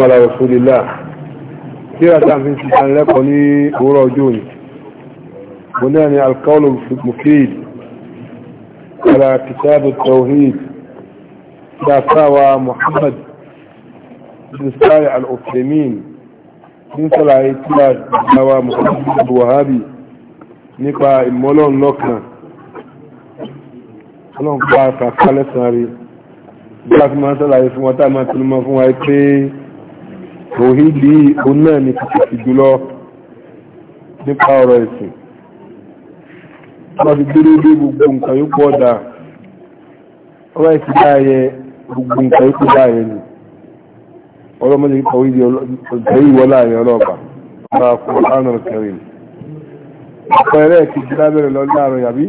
والسلام على رسول الله كيرا في سيسان لكني أورا جوني هنا القول المفيد على كتاب التوحيد دافاوى محمد بن صالح الأسلمين من صلاحيتها دافاوى محمد الوهابي نقا إمولون لوكنا ọlọ́run bá kàkálẹ̀ sáré bí a fi máa sọ́lá yìí fún wọn tá máa tún mọ́ fún wa pé tòhídì òun náà ni pàtàkì jùlọ nípa ọ̀rọ̀ ẹ̀sìn láti dúró dé gbogbo nǹkan yóò pọ̀ dáa ọ̀rọ̀ ẹ̀sìn dáayẹ gbogbo nǹkan yóò pọ̀ dáayẹ ni ọlọ́mọdé tòhídì ìwọ láàrin ọlọ́ọ̀bà ọ̀rọ̀ àkùrọ̀ ánà kẹrin ọ̀pẹ̀rẹ̀ kìí lábẹ́rẹ̀ lọ láàrin àbí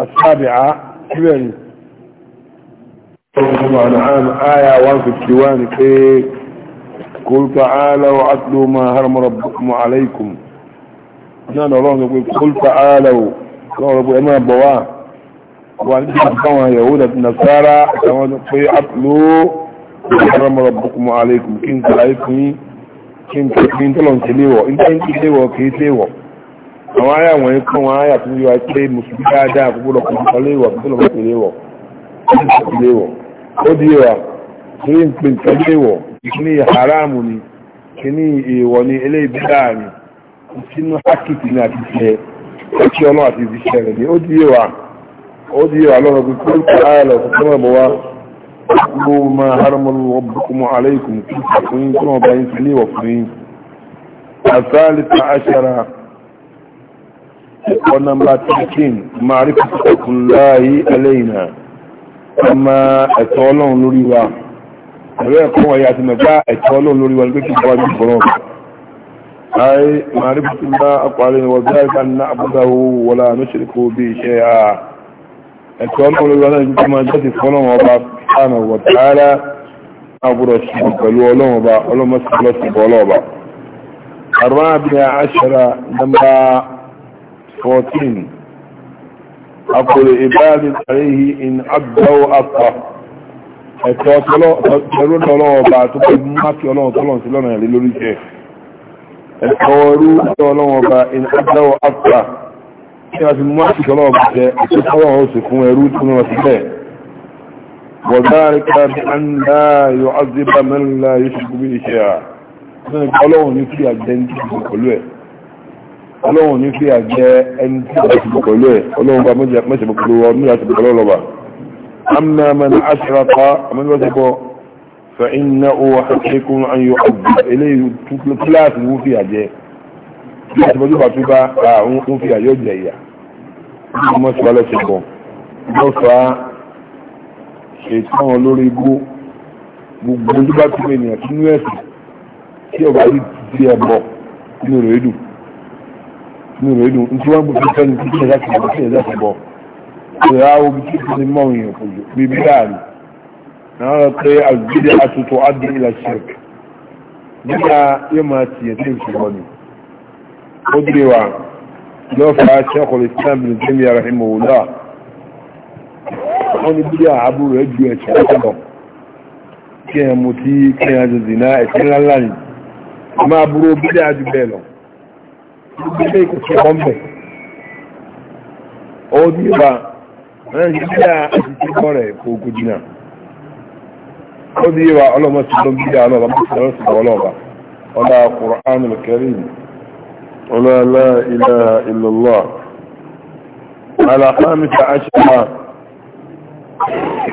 asábìá síbẹ̀ ni Ọjọ́ àwọn àmì àyà 151 pé قل تعالوا أتلوا ما هرم ربكم عليكم náà lọ́rọ̀ ń pè kúl tààlàwò lọ́rọ̀ pé ẹmọ́ ẹ̀bọ̀wà wà ní àwọn àyẹ̀wò àti nàṣàrà àtàwọn pé àpùlò ìrọmọ̀rọ̀ bùkùnmọ̀ aleikum kí n tààlà ikùn kí n tààlà ikùn tọ́lọ̀ àwọn wọn tó yọ mùsùlùmí dáadáa ó di pè ìkíní haramu ni ìkíní èèwọ̀ ni eléyìí bídà ni ìkíní hákìtì ni àti ìṣẹ́ ẹ̀kí ọlọ́run àti ìṣẹ́ rẹ̀ ni ó di yé wa ó di yé wa lọ́rọ̀ pé kí ó kọ́ ara lọ kó mọ̀ bọ̀ wá gbogbo máa 13 máa rí kùtùkùn láàyè ẹlẹ́yìn náà ọmọ ẹ̀tọ́ ọlọ́run lórí wa ẹ̀rọ ẹ̀kọ́ wọn yà ti mẹ́ta ẹ̀tọ́ ọlọ́run lórí wọn pé kí wọ́n bí fọ́nà ayé màrí fún bá akọ̀rẹ́ wọn bí i kan náà àbúdá wọlá lóṣèlú bí iṣẹ́ à ẹ̀tọ́ ọlọ́run ẹ̀tọ́ ẹ̀rọ lọ́wọ́ ọba tó pẹ̀ mákì ọlọ́wọ́ tọ́lọ̀ sí lọ́nà ẹ̀rí lórí jẹ́ ẹ̀tọ́ ẹrú ọlọ́wọ́ ọba ìdáwọ̀ afta tí a ti mú mákì ọlọ́wọ́ ọba jẹ́ ẹ̀tọ́ ọlọ́wọ́ ó sì fún ẹrú tó mọ́ sí bẹ́ẹ̀ وذلك بأن لا يعذب من لا يشرك به شيئا ọlọ́run ní kí àjẹ́ ẹni tí kò pẹ̀lú ẹ̀ ọlọ́run ní kí àjẹ́ ẹni tí kò pẹ̀lú ẹ̀ ọlọ́run bá mẹ́sẹ̀ pẹ̀lú ọdún àti pẹ̀lú ọlọ́ba أما من أشرق من وزبه فإنه حقيق أن يعذب إليه ثلاث وفي أجيه láti bọ́jú bá tún bá àwọn ohun fi àyọ́ jẹ ìyà ní mọ́ sí ọlọ́sẹ̀ bọ̀ lọ́ fa ṣètò àwọn lórí igbó gbogbo ojú bá tún ènìyàn tún ẹ̀sì tí ọba yìí ti ẹ̀bọ̀ nínú rẹ̀ dùn nínú rẹ̀ dùn nítorí wọ́n gbé fẹ́ ní títí ẹ̀dá ti bọ̀ ìráwó bí kí ní mọ́ òyìn òkòjò bí bí láàrin náà rẹ̀ pé àgbédé àtútù adé ilẹ̀ ṣirk nígbà yóò máa ti yẹ̀tẹ́ ìṣùgbọ́n ni ó dé wa lọ́ fà á ṣe ọkọ̀ islam bin jẹ́mi ara ìmọ̀ òwúlà wọ́n ní bí ààbò rẹ̀ ju ẹ̀ṣẹ̀ ọ̀ṣẹ̀ lọ kí ẹ̀ mú tí kí ẹ̀ jẹ́ zina ẹ̀ṣẹ̀ ńlá ńlá ni nàìjíríà àti kíkọ́ rẹ̀ kó kú jìnnà ó di wa ọlọ́mọ sí ló ń bí dáa lọ́ba mọ́sí lọ́sí ọlọ́ba ọlá Qur'an al-Karim ọlá la ilaha illallah alakamita ashara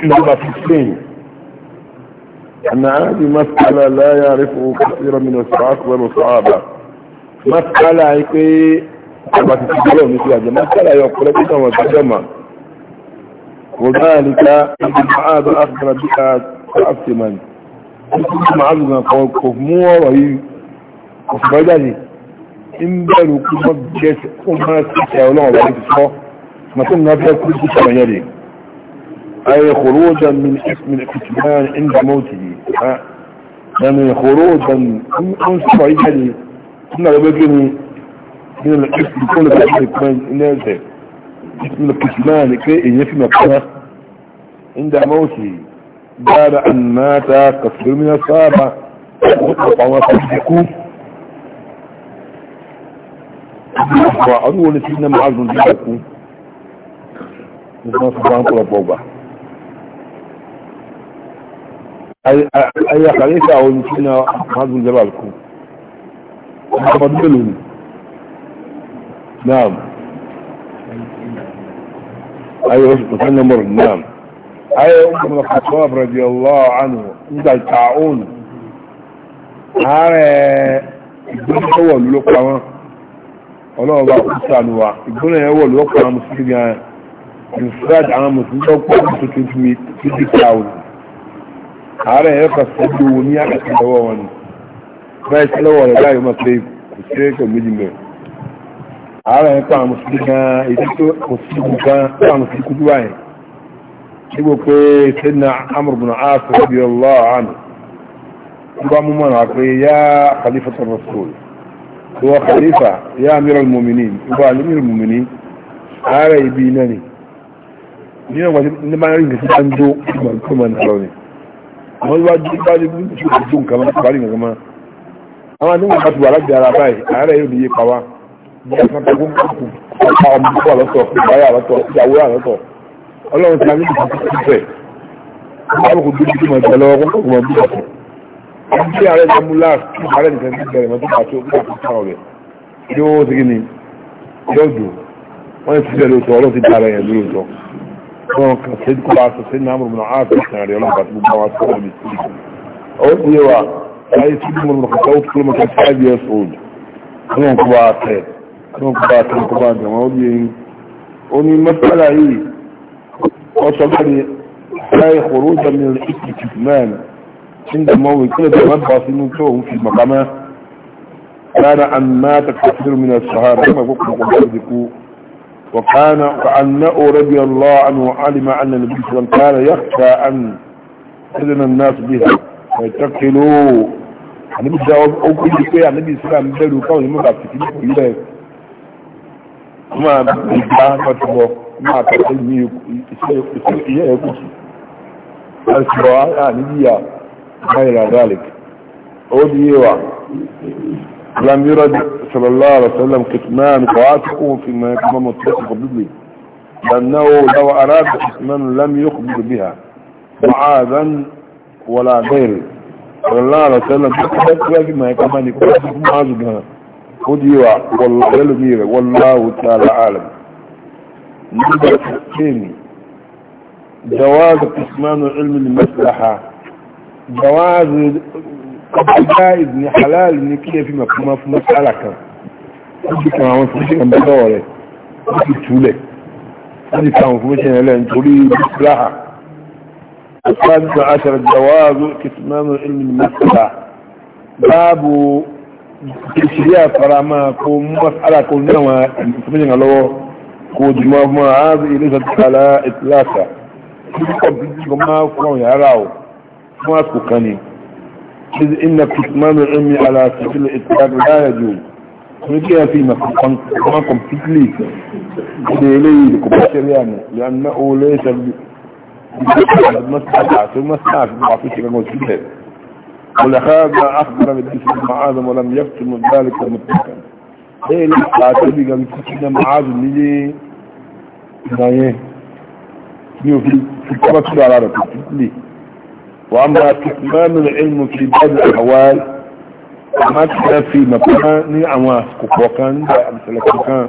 number 15 أن هذه مسألة لا يعرفه كثير من الصحابة والصحابة مسألة يكي أبا تتجلون مثل هذه مسألة يقول لك أنه وذلك المعاد أخر بها فأفتمن عزنا قوقف مو وهي وفبداني إن بلو كما جيس كما سيولون وبعيد الصلاة ما كنا فيها كل كتب يلي يعني. أي خروجا من اسم الكتبان عند موته يعني خروجا أنس بعيد يلي كنا لبقيني من الاسم كل كتبان إنه اسم الكتبان كي يفهم مكانه عند موته بعد أن مات كثير من الصحابة وطبعا وصدقوا وعدوا لسيدنا معاذ بن جبكوا نسمع سبحان كل أي خليفة أو نسينا معاذ بن جبكوا نعم أيوة مثلنا مر نعم ha ọmọ Khattab radiyallahu anhu nígbà ta'un ààrẹ ìgbónáwọ̀ lópa wọn ọlọ́wọ́ bá kú sànúwà ìgbónáwọ̀ lópa wọn mùsùlùmí gan in fact àwọn mùsùlùmí tó pọ̀ tó na tó tó tó tàun ààrẹ yẹn kà sọ́dọ̀ wọn ní àkàtà nígbò pé sẹ́nà amúrùbùnà áàfù rẹ̀bí ọlọ́ọ̀hánù ń bá mú mọ́nà pé yá khalifa rasul wọ́n khalifa yá amiral mumini wọ́n amiral mumini ààrẹ ibi iná ni ní ọgbọ̀n ní máa rí nǹkan tí ó ń tó mọ̀ nǹkan lọ́nà wọ́n wá jí bá ní bí ó ti tó nǹkan mọ́ parí nǹkan mọ́ àwọn àdéhùn bá ti wà láti ara báyìí ààrẹ yóò níye pa wá bí a kan tó gbọ́n kó kó ọmọ ìgbà lọ́tọ̀ ìgbà yà lọ́tọ̀ ìyàwó yà lọ́tọ̀ ọlọ́run ti àmì ìdìbò tó fẹ́ ọlọ́run kò dúdú tó mọ̀ ìgbà lọ́wọ́ kó kò mọ̀ bí ọ̀pọ̀ ọdún tí ààrẹ ti mú láàf kí ààrẹ nìkan ti bẹ̀rẹ̀ mọ́tò pàtó bí ọ̀pọ̀ tó rẹ̀ ní owó ti kí ni lọ́dọ̀ wọ́n ti bẹ̀rẹ̀ lóòótọ́ ọlọ́run ti bá ara yẹn lóòótọ́ wọn kà sí kó bá aṣọ sí ní àmúrò náà ààfin ìsìn àrẹ ọlọ́run bá ti gbogbo àwọn aṣọ ọ̀rọ̀ mi sí ìlú ọwọ́ ti yé wa láyé tí mo mọ̀ kọ́kọ́ ó kí ló mọ̀ kọ́ five years old wọ́n kọ́ bá tẹ̀ wọ́n kọ́ bá tẹ̀ wọ́n kọ́ bá tẹ̀ wọ́n ó ní mọ́tàlá yìí وصبري هاي خروجا من الإثم كتمان عند موت كل تنبع سنوتهم في المقامات كان أن مات كثير من الصحابة كما قلت وكان وأنه رضي الله عنه وعلم أن النبي صلى الله عليه وسلم كان يخشى أن يدن الناس بها ويتقلوا أنا صلى الله عليه وسلم النبي صلى الله عليه وسلم بلو كونه مضى في كل يوم ما بلو máa tẹ̀lé ní iṣẹ́ ẹ̀kú sí ẹ̀sùn ọ̀há níyà náírà لم يرد صلى الله عليه وسلم كتمان قواتكم فيما يكون متفق به لأنه لو أراد كتمان لم يخبر بها معاذا ولا غير صلى الله عليه وسلم فيما يكون متفق بها وديوا والله والله تعالى عالم نمبر 16 جواز قسمان علم المصلحة جواز جائز ni halal ni kí ẹ fi mọ̀ fún fún mọ́sálà kan ó ti kan àwọn fúnṣẹ́ kan bọ́dọ̀ rẹ̀ ó ti túlẹ̀ ó ti عشر جواز كتمان علم المسألة باب تشريع فرما كو مسألة كو نوى فمجن الله وجمع معاذ إلى على إطلاقها كما فهم يراو ما سكني إذ إن كتمان العلم على سبيل الإطلاق لا يجوز ونجيها في مقام تكليف إليه لكبشر يعني لأنه ليس مسألة مسألة في شيء كما سبيل ولهذا أخبر بالإسلام معاذ ولم يكتم ذلك مطلقا ليه لم تعتبق بكتنا معاذ ليه ìgbà yẹn bí o fi kọ́ sí ara rẹ̀ kò títí wà á máa ti máa nù ẹ̀mù kí bọ́ọ̀lù àwa máa ti fẹ́ fi ìmọ̀ kan ní àwọn àsìkò kọ̀ọ̀kan nígbà àbùsẹ̀lẹ̀ kọ̀ọ̀kan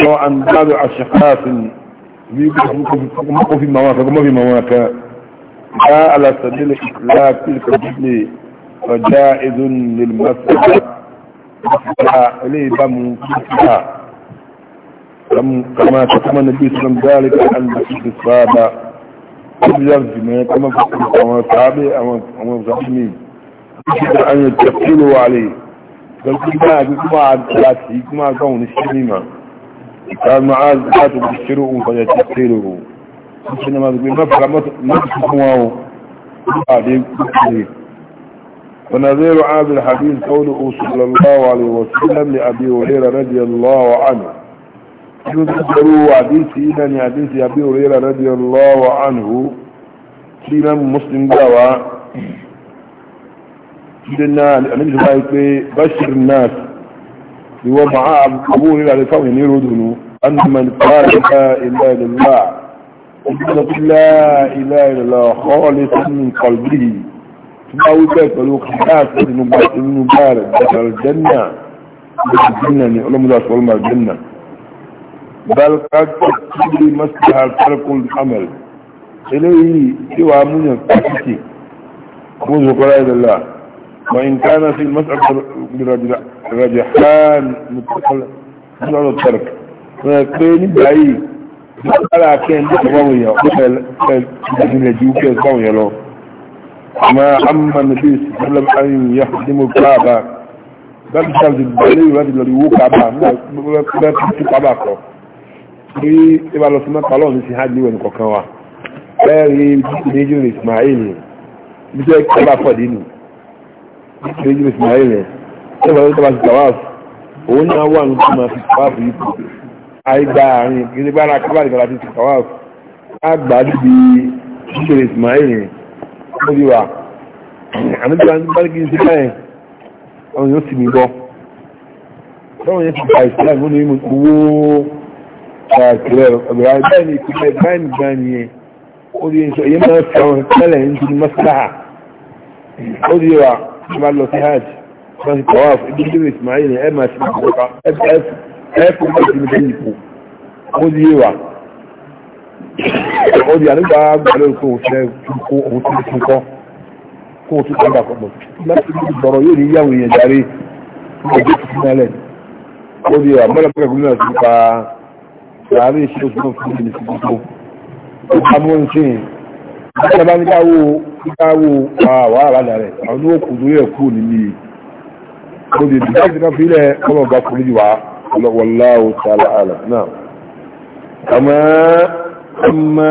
sọ àǹdáàdù àṣẹkáàfin bí kò fi màwọn àkọ́kọ́ mọ́ fi màwọn àkọ́ ìgbà alàṣàdélẹ̀ ìkìlá kìlìkọ̀ dídìlẹ̀ ọjà ìdún nílùmọ́sílẹ̀ ilé ìbámu kìlìkà كما تكلم النبي صلى الله عليه وسلم ذلك عن بسيط كل يرجع ما كما فكر كما صحابي أما أما زعيمين يجب أن يتكلوا عليه قال كما كما عاد ثلاثة كما كون الشميمة قال معاذ لا تبشروا فيتكلوا سنة ما تقول ما فكر ما تسمعوا بعدين ونظير هذا الحديث قوله صلى الله عليه وسلم لأبي هريرة رضي الله عنه يذكروا حديث إذن يعني حديث أبي هريرة رضي الله عنه سينا مسلم دعوة سيدنا النبي صلى بشر الناس هو القبول إلى هريرة لفهم يردنوا أن من قال لا إله إلا الله ومن لا إله إلا الله خالصا من قلبه ثم أوجد له خلاف ابن مبارك دخل الجنة الجنة علم ذات والمر الجنة بل قد تقتضي مثلها ترك العمل إليه سوى من التحكي منذ قرائد الله وإن كان في المسألة رجحان متصل من على الترك ولكن بأي على كان قوية وكان يجيوك قوية له ما أما النبي صلى الله عليه وسلم يخدم الكعبة بل شرط الدليل الذي يوقع بها لا تتبع pé ìbá lọ sí mẹ́ta lọ́wọ́ sí hajj wẹ̀ nìkọ̀kan wa lẹ́rin níjùn Ismail bí tẹ́ kí bá fọ̀ dínú níjùn Ismail ẹ̀ lọ́wọ́ tó bá ti tàwá òun náà wà ní kí máa fi tàwá fún yìí kù àìgbà àárín ìgbìlẹ̀ bára kábà nìkan láti ti tàwá àgbà níbi níjùn Ismail ẹ̀ ó di wa àmì tí bá kí n ṣe báyẹn àwọn yóò sì mí gbọ́ tọ́wọ́n yẹn ti gba ìsìlámù ní gbogbo kìlẹ̀ ọ̀gbẹ̀rẹ̀ báyìí ìpínlẹ̀ báyìí báyìí yẹn ó di ẹ̀ṣọ́ èyí máa fi àwọn tẹ́lẹ̀ ń dúró mọ́síláà ó di wa tí wọ́n lọ sí hajj wọ́n ti tọ́wọ́ ibi tí wọ́n ti máa yẹn ẹ̀ máa ṣe ìgbọ̀ká ẹ̀fọ́ máa ti ní ìpò ó di wa ó di àdúgbà gbọ́dọ̀ kó o fẹ́ kó o tún tún kọ́ kó o tún kọ́ bàkọ́ bọ̀ láti ní ìgbọ̀rọ̀ yóò ní yàwó yẹn darí ó di wa mọ́lẹ́pẹ́lẹ́ sàárè ṣe fún fún ìlú gbogbo abúrúnṣin ìjọba ní káwó káwó àwọn àrádà rẹ̀ àwọn ní òkú lórí ẹ̀kú nílé lórí ìlú láti náà fílẹ̀ ọlọ́gbà kò níjì wá wallahu ta'ala a'lam náà kàmá kàmá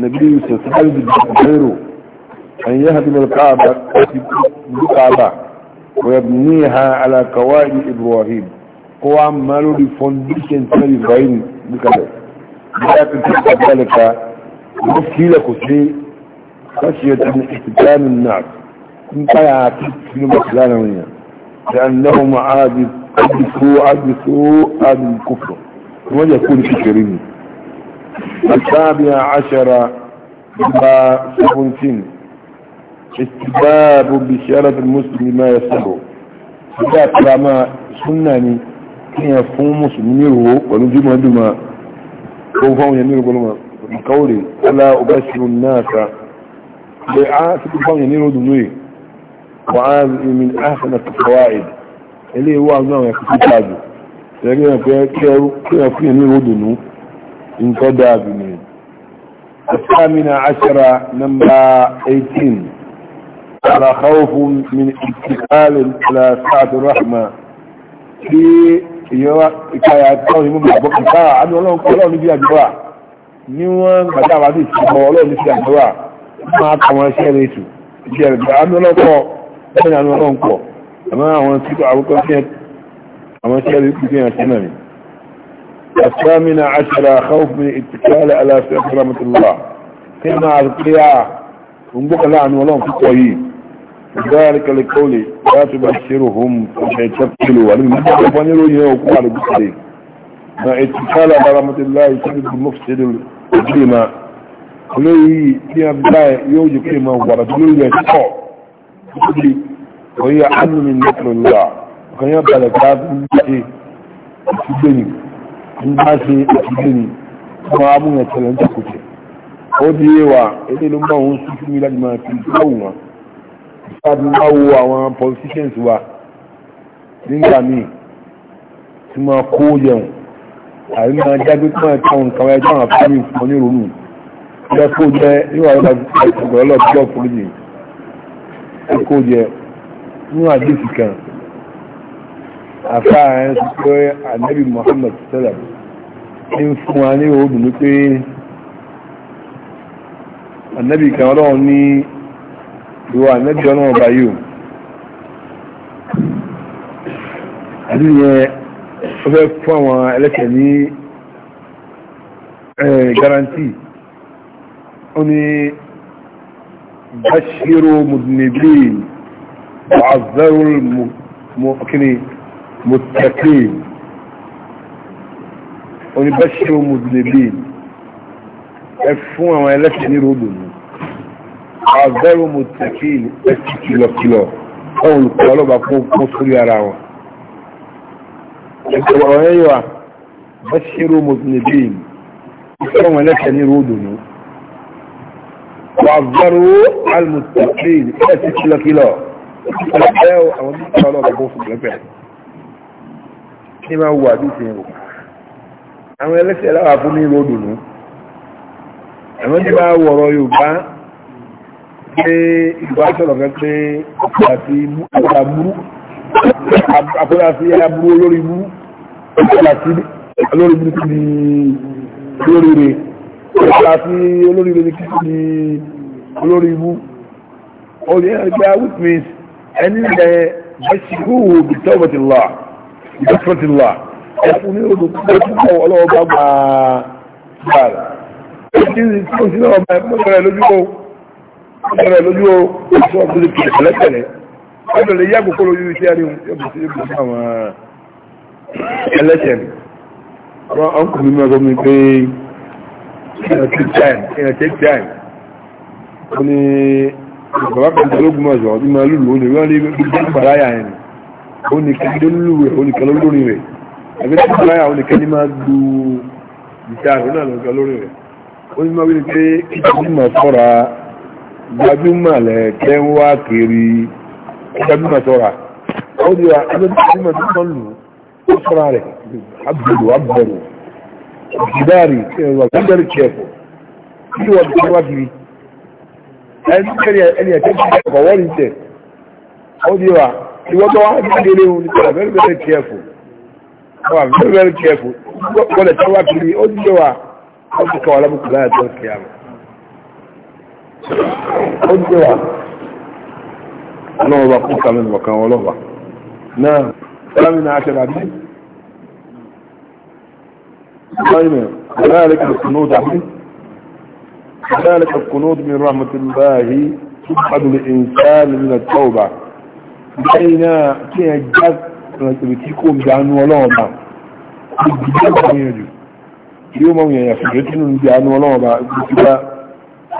nàbí sọ̀tàlì bẹ̀rù an yi hadu malka'aba kàfi duka'aba wa yabniha ala kawai ibrahim kó wá máa lórí foundation tí wọ́n Ibrahim ní kalẹ̀ nígbà tó ti ṣe àbúrálẹ̀ ká wọ́n fílẹ̀ kò sí láti ẹ̀ta ní ìtìkánu náà ń táyà àti sínú bá sílá náà yẹn ṣe ànáwó ma áàbì áàbì tó áàbì tó áàbì kófò wọ́n jẹ́ kó ní kékeré ni. السابعة عشرة إلى 17 استباب بشارة المسلم ما يصبه ذات ما سنة kíyàn fún mùsùlùmí ro pẹ̀lú dúmọ̀dúmọ̀ tó fáwọn yẹn ní ìrọ̀gbọ́n mọ̀ kọ́wọ́lẹ̀ alá ọba ṣirun náà sa pé a ti tó fáwọn yẹn ní ìrọ̀dùnú yìí wà á mi áhà na kọwà fún yẹn ní ìrọ̀dùnú nǹkan dáàbì ni عشرة نمبر 18 على خوف ìyọ́wá ìkáyà tó ní múmi àgbọ́ ìkáyà àmì ọlọ́run ní bí àjọ́wà ní wọ́n gbàtà wà ní ìṣẹ́gbọ́ ọlọ́run ní sí àjọ́wà máa kà wọ́n ṣẹ́ rẹ̀ ètò ìṣẹ́ rẹ̀ àmì ọlọ́pọ̀ ẹ̀yìn àmì ọlọ́pọ̀ àmọ́ àwọn tí àwọ́kọ́ ṣẹ́ àwọn ṣẹ́ rẹ̀ ìpínlẹ̀ àṣẹ́ náà ni الثامنة عشرة خوف من الاتكال على سيد رحمة الله كما أذكرها ونبقى لعنة ولهم في قويين ذلك لقولي لا تبشرهم فيتبكلوا ولم يفنروا يوكوا على بسرين ما اتكال برحمة الله يسبب المفسد الجيمة قلوه في أبداء يوجد كلمة ورسلوه يشقع وهي عن من نصر الله وكان يبقى لكات من شيء أتبني من شيء أتبني وما أبونا تلنتكوتي وديوا إذن ما هو سكمي لك ما تلقوها láti máa wo àwọn politicians wa nígbà míì tí máa kó yẹun àbí máa jágbé tí máa tán nǹkan ẹjọ́ àwọn fámì fún onírúurú jẹ́ kó jẹ́ níwà lọ́la ìgbà lọ́la tí wọ́n fúrú yìí ẹ kó jẹ níwà díìsì kan àfáà ẹ̀ sọ pé ànábì Muhammad sallam ní fún wa ní òdùnú pé ànábì kan ọlọ́run ní ìwà ànẹ́bí ọlọ́run ọba yìí o àti yẹn ó fẹ́ fún àwọn ẹlẹ́sẹ̀ ní garanti ó ní bashiru mudnibin wa'azzaru mọ̀kìnì mọ̀tẹ́kìn ó ní bashiru mudnibin ẹ fún àwọn ẹlẹ́sẹ̀ ní ròdùnú àgbẹ̀rù mùtẹ̀kì ẹ̀sì kìlọ̀kìlọ̀ ọ̀hún olùkọ́ ọlọ́ba kó kó sórí ara wọn. ẹ̀sọ̀ ọ̀rẹ́ yóò wá bá ṣírò mùtẹ̀bí ìfẹ́ wọn lẹ́sẹ̀ ní ròdù ní. àgbẹ̀rù alùmùtẹ̀kì ẹ̀sì kìlọ̀kìlọ̀ ẹ̀sẹ̀ àwọn olùkọ́ ọlọ́ba kó fún lẹ́pẹ̀. kí ni máa wù àdúgbò yẹn wò? àwọn ẹlẹ́sẹ̀ láwà fún ní ròdù ní. àwọn pé ìbáṣọ̀rọ̀ fẹ́ pé àpẹẹrẹ sí aburú olórí mú àti olórí mú ní olórí rẹ̀ àti olórí rẹ̀ ní olórí mú olórí ẹgbẹ́ which means ẹni ẹ̀ bẹ́ṣìkúhù bìtọ́bọ̀tìlá bìtọ́bọ̀tìlá ẹ̀fún ní olùkọ́ ọlọ́ọ̀bá gbà ẹ̀rọ lójú o ìṣọ́ ọ̀gbìn kìlẹ̀ pẹ̀lẹ́pẹ̀lẹ́ ọ̀dọ̀ lè yàgò kó lójú iṣẹ́ rí ẹ̀bùsí àwọn ẹlẹ́sẹ̀ wọn ọkùn mi mọ́ mi pé èèyàn take time ó ní bàbá kan tó lógun ọ̀zọ́ ní máa lùlù ó ní wọ́n rí gbígbé gbàráyà yẹn ó ní kí ló lù rẹ̀ ó ní kẹlẹ́ lórí rẹ̀ àbí tí gbàráyà ó ní kẹ́ni máa du ìta náà lọ́kẹ́ lórí rẹ̀ ó ní máa wí ni pé kí gbajúmọ̀ lẹ́ẹ̀kẹ́ ń wá kiri gbajúmọ̀ sọ́ra ó di wa tó lù ó sọ́ra rẹ̀ abdulu abdulu jidari ẹ̀rọ gbajúmọ̀ kí wọ́n tó wá kiri léwu ní tẹ̀lé very very careful wà very very careful wọ́n lè tẹ́wà kiri ó di wa ó ti kọ̀ wà lábùkù láyà tó ó jẹ́ wà ọlọ́wọ́ من مكان kàmí ìwọ̀kan ọlọ́wà náà sáàmì náà ṣẹlẹ̀ àbí sáàmì ذلك القنود عبد ذلك القنود من رحمة الله تبعد الإنسان من التوبة بين كي يجاز تبتيكم بأنه ولوما يجاز من يجو يوم يفجتن بأنه ولوما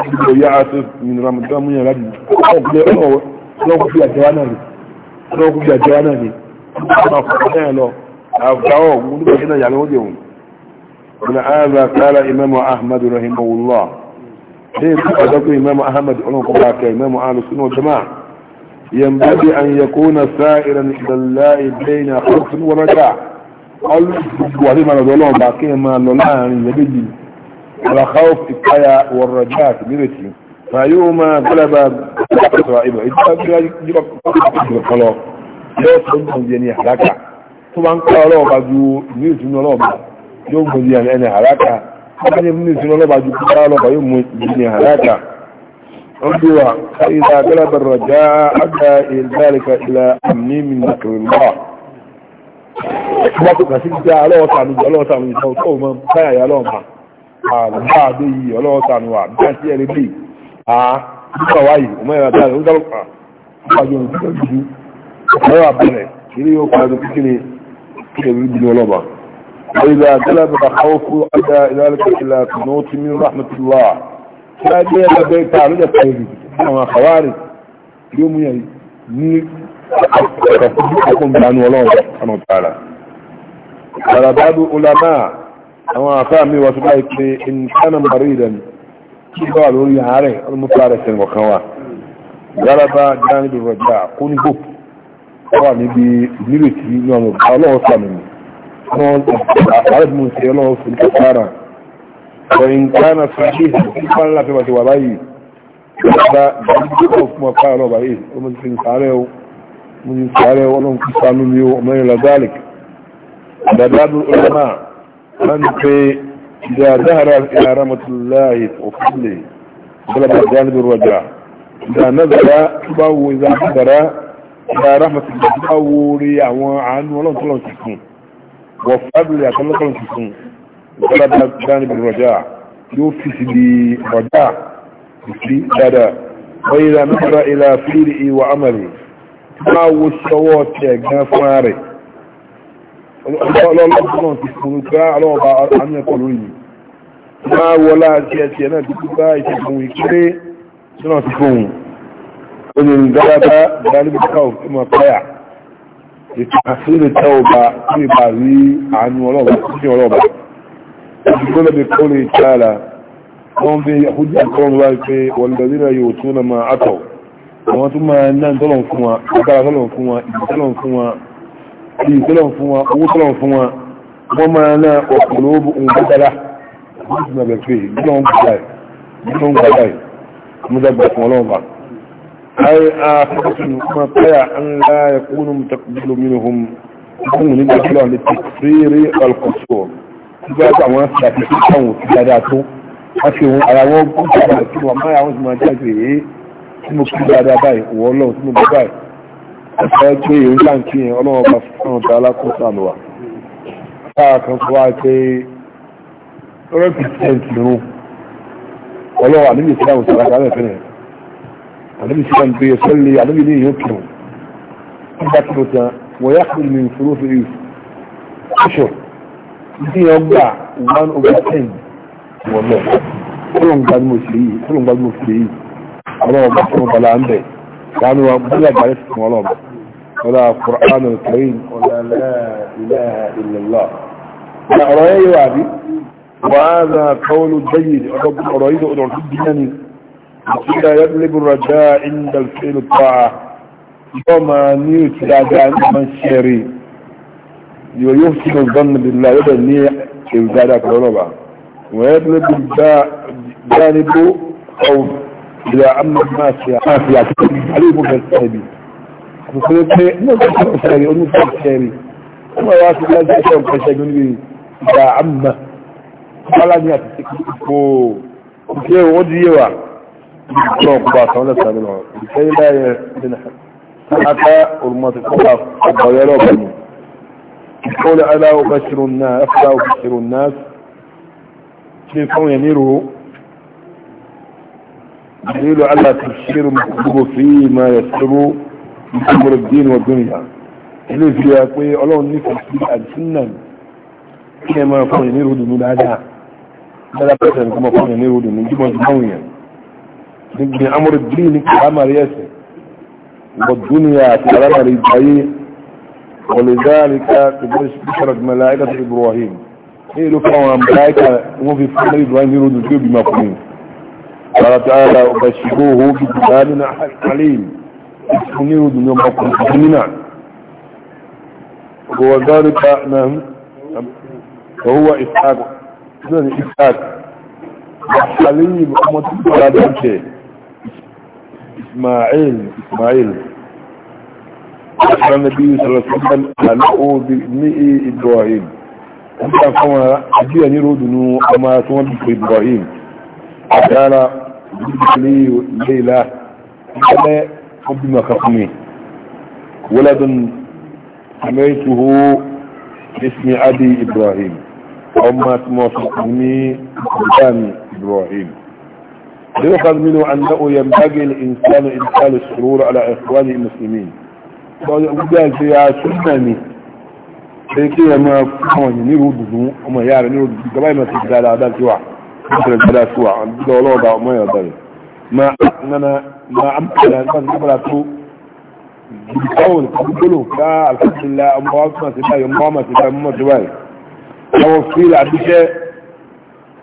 ìgbò ya من رمضان من رمضان yàrá jù lọ́wọ́ رمضان من رمضان rè lọ́wọ́ fi رمضان من رمضان ọmọ àkọ́kọ́ náà lọ àgbáwọ̀ mú nípa sí náà yàrá ó jẹun ابن هذا قال إمام أحمد رحمه الله ليه تقدر إمام أحمد أنا قبلك إمام أهل السنة والجماعة ينبغي أن يكون سائرا إلى الله بين خوف ورجاء قال وهذه ما نقول لهم باقي ما نقول لهم على خوف الكايا والرجاء كبيرتي فيوما غلب صاحبه إذا جرب خلاص yóò tó ń gbọ̀n di ẹni àràkà tó bá ń kọ́ ọlọ́wọ́ bá ju ìlú ìsúná ọlọ́ọ̀bá yóò gbọ̀n di ẹni àràkà tó bá ní ìlú ìsúná ọlọ́ọ̀bá ju kúkọ́ ọlọ́ọ̀bá yóò mú ìlú àràkà ó bí wa ìlà abẹ́rẹ́ rọ̀já àgbà ìdáríkà ìlà àmì mi nàkìrìlá wọ́n tó kà sí gbígbá ọlọ́ọ̀sàmì ọlọ́ọ̀sàmì ìsọ̀ tó mọ́ káyà yà ọlọ́ọ̀bá àgbà àdó yìí ọlọ́wọ́ sànù wà bí àti ẹ̀rẹ́ bí a nígbà wáyé ọmọ ẹ̀rọ àti àrùn dárò pa nípasẹ̀ ohun tí wọ́n dúdú ọ̀rọ̀ àbẹ̀rẹ̀ ilé yóò pa ẹ̀rọ kékeré kí ẹ̀rọ bí ní ọlọ́ba. ọ̀rẹ́dà àtẹ́lẹ̀ bàbá káwọ́ fún ọjà ìlàlẹ́kẹ̀kẹ̀lá tùnú tí mi rahmatullah tí a gbé ẹgbẹ́ ta àlọ́jà kẹrì àwọn àkàwárì yóò mú yẹn ní ọkọ̀ fún ọkọ̀ àwọn àfáà mi wọ́n tó báyìí pé nǹkan mọ̀rí ìdẹ̀ni kí bá wà lórí ààrẹ ọlọ́mọ́fà rẹ̀ sẹ́nu kọ̀kan wa gbáraba dáníbi rọ̀jà kó ní hope ó wà níbi ìnírètí ní ọmọ ọba ọlọ́wọ́ sàmì mi wọ́n ààrẹ mú sí ọlọ́wọ́ fún kàkàrà ẹ̀yìn kan àfàdé nípa ńlá fẹ́ bàtí wà báyìí gbáraba dáníbi ọmọ ti fi sàárẹ̀ فانت إذا ظهر إلى رحمة الله وفضله طلب جانب الرجاء إذا نزل أو إذا حضر إلى رحمة الله أو ريعه عن ولا طلب سكون وفضل يطلب طلب سكون طلب جانب الرجاء يوفي سدي رجاء في هذا وإذا نظر إلى فيره وعمله ما هو الصوات يا جناف ماري ọlọ́ọ̀lọ́gbọ́n ti fún un gbá ọlọ́ọ̀bá àánú ẹ̀kọ́ lóyìn máa wọlá tí náà ti ètò àṣírí tẹ́ ọba tó lè rí àánú ọlọ́ọ̀bá tó ní ọlọ́ọ̀bá ìdúgbò lẹ́bi kó lè tààlà wọ́n fi àkójú àkọ́rọ̀ wá pé wọ̀lẹ́dẹ́rẹ́ yóò tún náà máa bíi tọ́lọ̀ fún wa owó tọ́lọ̀ fún wa wọ́n máa ná ọ̀pọ̀lọ́ ohun tó dára wọ́n ti máa bẹ̀ pé nínú ọ̀hún gbàgbà yìí nínú ọ̀hún gbàgbà yìí mo dàgbà fún ọlọ́run bá. ayé afẹ́kọ̀tún kuma káyà ń la ẹ̀kúnnù takbílò mìíràn fún un nígbà tí wọ́n lè ti fèrè alkọ̀tọ̀ nígbà tí àwọn ṣàfihàn táwọn ti dáadáa tó wọ́n ti wọn ara wọn gbọ́dọ̀ tí wọ́n máa yà wọ́n ti máa jáde èyí tí mo kú dáadáa báyìí wọ́ ẹ̀fọ́ pé èyí láǹkì yẹn ọlọ́wọ́ bá fún ọ̀dà alákòóso àlùwà káà kan fún wa pé rẹ́pìtẹ́ǹtì rún ọlọ́wọ́ àníbi ìsìlẹ̀ àwọn ìsìlẹ̀ àgbà mẹ́fẹ́ yẹn àníbi ìsìlẹ̀ ń gbé ẹ̀fọ́ lé àníbi ní ìyó kìrùn nígbà tí mo tán wọ́n yá kí ni ìṣòro fi rí ṣọ́ ní ọgbà one over ten wọ́n lọ kúròǹ gbajúmọ̀ sí yìí kúròǹ gbajúmọ̀ sí yìí ọlọ́wọ́ bá fún ọ̀bàlà ń bẹ̀ wọ́n á ní wọn bóyá ìgbà rẹ̀ sì fún ọlọ́wọ́ ولا القرآن الكريم ولا لا إله إلا الله لا أرأيه وعدي وهذا قول جيد رب أرأيه أدعو الديناني وقيل يغلب الرجاء عند الفعل الطاعة وما نيوت راجع من شيري ويحسن الظن بالله يدعو النية إبدالك رنبا ويغلب الجانب خوف إلى أمر ما فيها ما فيها عليكم في السبيل nítorí pé nígbà tí ó fẹ́ rí onífẹ́ ìfẹ́ rí wọ́n wá sí láti ẹ̀ṣẹ́ nǹkan ṣẹ́gun ní ìgbà àmà bọ́lá ní àti ìpò ìṣe ó di yé wa ìjọ ọ̀pọ̀ àtàwọn lẹ́sà nínú ìṣe ilé ayé nínú aka olùmọ̀tò kọ́ àgbọ̀yẹ́ lọ́pọ̀ mu قول ألا أبشر الناس أفلا أبشر الناس في قوم يميره دليل على تبشير مكتوب فيما يسر ìgbàgbọ́rọ̀ dín wọ dúnìyà ilé fi ya pé ọlọ́run ní kàfí àdínà kí ẹ máa fún ìní ròdùnú dáadáa dáadáa pẹ̀sẹ̀ nǹkan máa fún ìní ròdùnú jímọ̀ jù máwùn yẹn níbi amúrò dín ní kàlámàrí ẹ̀sẹ̀ wọ dúnìyà àti kàlámàrí ìgbáyé ọ̀lẹ́dáríkà kòbíṣẹ́rọ̀ mẹ́láíkà sí Ibrahim ní ìlú fáwọn àmàláíkà wọ́n fi fún Ibrahim onírò dùn ní ọmọ ọkùnrin tuntun nínà ọgbọ̀wọ̀ zárika náà ọwọ́ ishaq náà ni ishaq àlẹ́yìn ọmọ tí ó bá dáńtẹ̀ ismail ismail ọ̀sán nàbí حب ما خصمي ولد سميته باسم أبي إبراهيم أما توافق اسمي كان إبراهيم يؤخذ منه أنه ينبغي الإنسان إدخال السرور على إخوانه المسلمين وقال يا سناني فيكي ما فهمني نرد وما يعرف نرد ما يمسك على عدالة واحد مثل الثلاث واحد دولة وضع وما يضرب ما أثننا ما أمكن أن نبرته بالقول تقوله لا الحمد لله أمواتنا سبا يمامة سبا يمامة سبا توفيل عبدك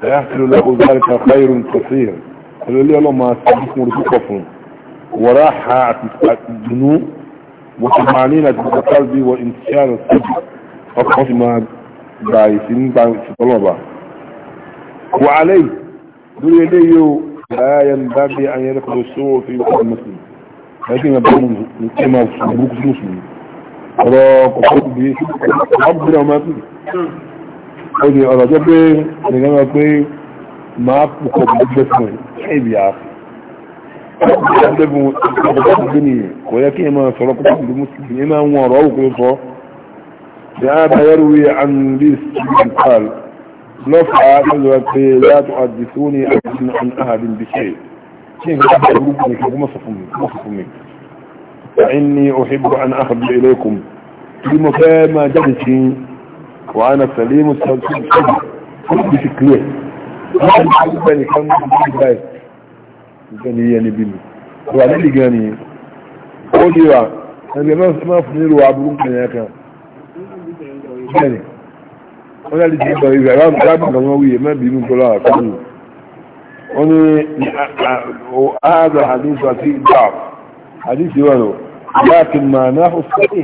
فيحصل له ذلك خير كثير قالوا لي الله ما سبيك مرتكفهم وراحة الذنوب وطمأنينة القلب وانتشار الصدق فقط ما بايسين بايسين طلبة وعليه دول يديه لا ينبغي أن يدخل السوء في وقت المسلم لكن يبقون كما سبوك المسلم قصد به بيه لو ما فيه قولي أرى جبه لجمع كوي معك مقابل بسمه حيب يا أخي أحبه الدنيا ولكن ما سرقه بمسلم إما هو رأوك يصر جاء يروي عن ليس قال lọ́fà lọ́lọ́ pé látò àdìsóní àdìsóní an ahàdín bí ṣe kí n kọ́ ọ̀rọ̀ gbogbo nìkan kó mọ̀sọ̀ fún mi kó mọ̀sọ̀ fún mi ẹ̀yìn ni òhìbò an ahàdín ilẹ̀kùn bí mo fẹ́ máa jáde sí wà á na sàlẹ̀ mo sọ sí ìṣẹ́jú fún mi ti kílẹ̀ láti ní gbogbo nìkan mú mi báyìí nǹkan ní yẹn níbi mi wà nílì gan ni ó di wa ẹgbẹ́ máa fún mi rò aburú kan yẹn kan wọ́n yà lìjì ìgbà ìgbà aláàbò kan wọ́n wuyè mẹ́bí inú gbọ́lá àkọ́lù wọ́n ní ààbò àdínsù àti ìgbà àdínsù wà lọ na màánà òfìsẹ́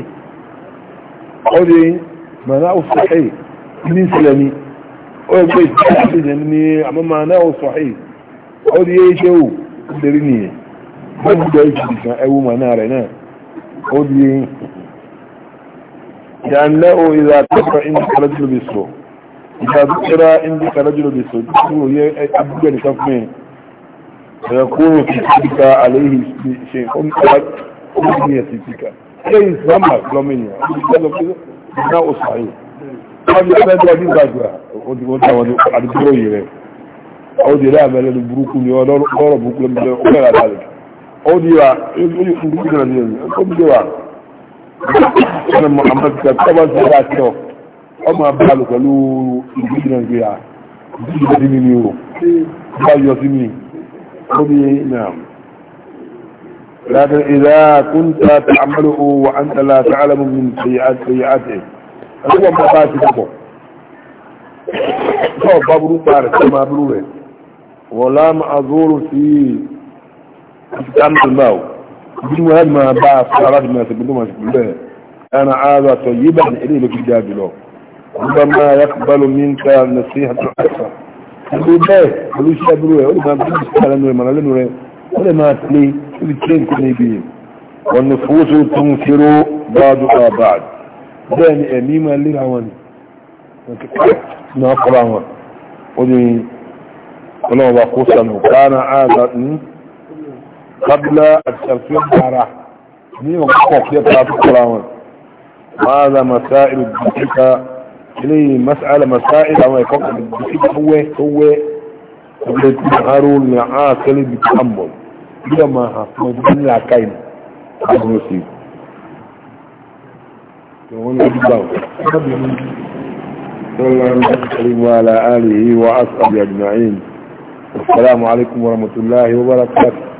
ó lè màánà òfìsẹ́ ní ìsìlẹ̀ ni ó yẹ pé ìsìlẹ̀ ni àmọ́ màánà òfìsẹ́ ó lè ṣe ndị lérí nìyẹn wọ́n gbọ́dọ̀ ya ndị إذا ذكر عندك رجل بصدقه يبدو لكفمه فيكون في تلك عليه شيء أمنية تلك أي سمع لمنيا بناء صحيح قال لي أنا دلالي باجوة على الدروي غير أو دي لا مالا نبروك لي ولا نبروك لي وغير ذلك أو دي لا يقول لي أنا محمد كتابة سيئة ọmọ abúlé pẹ̀lú ìgbésí nàìjíríà ìgbésí sí mi ni o bá yọ sí mi ó ní náà لكن إذا كنت تعمله وأنت لا تعلم من سيئات سيئاته هو ما باتي بكم فهو بابرو طارق كما بروه ولا معذور في كان الماء بالمهم ما باع صارت ما تبدو ما تبدو أنا هذا طيبا إليه لك جاب له ربما يقبل منك النصيحة أكثر ìlú bẹ́ẹ̀ pẹ̀lú iṣẹ́ dúró rẹ̀ ó lè máa bí ìṣẹ́ lẹ́nu rẹ̀ màá lẹ́nu rẹ̀ ó lè máa tilé ibi tí ń kún níbi ọ̀nà fòóso tó ń fi ró báàdù àbáàd bẹ́ẹ̀ ni ẹ̀mí máa léra wọn ni náà kọ́ra wọn ó ní ọlọ́run wa kó إني مسألة مسائل أو يكون بسيط هو هو قبلت بغارول معا كلي بتحمل إذا ما مجدين لا كاين هذا نسيب يقول نبي باو صلى الله عليه وسلم وعلى آله وأصحابه أجمعين السلام عليكم ورحمة الله وبركاته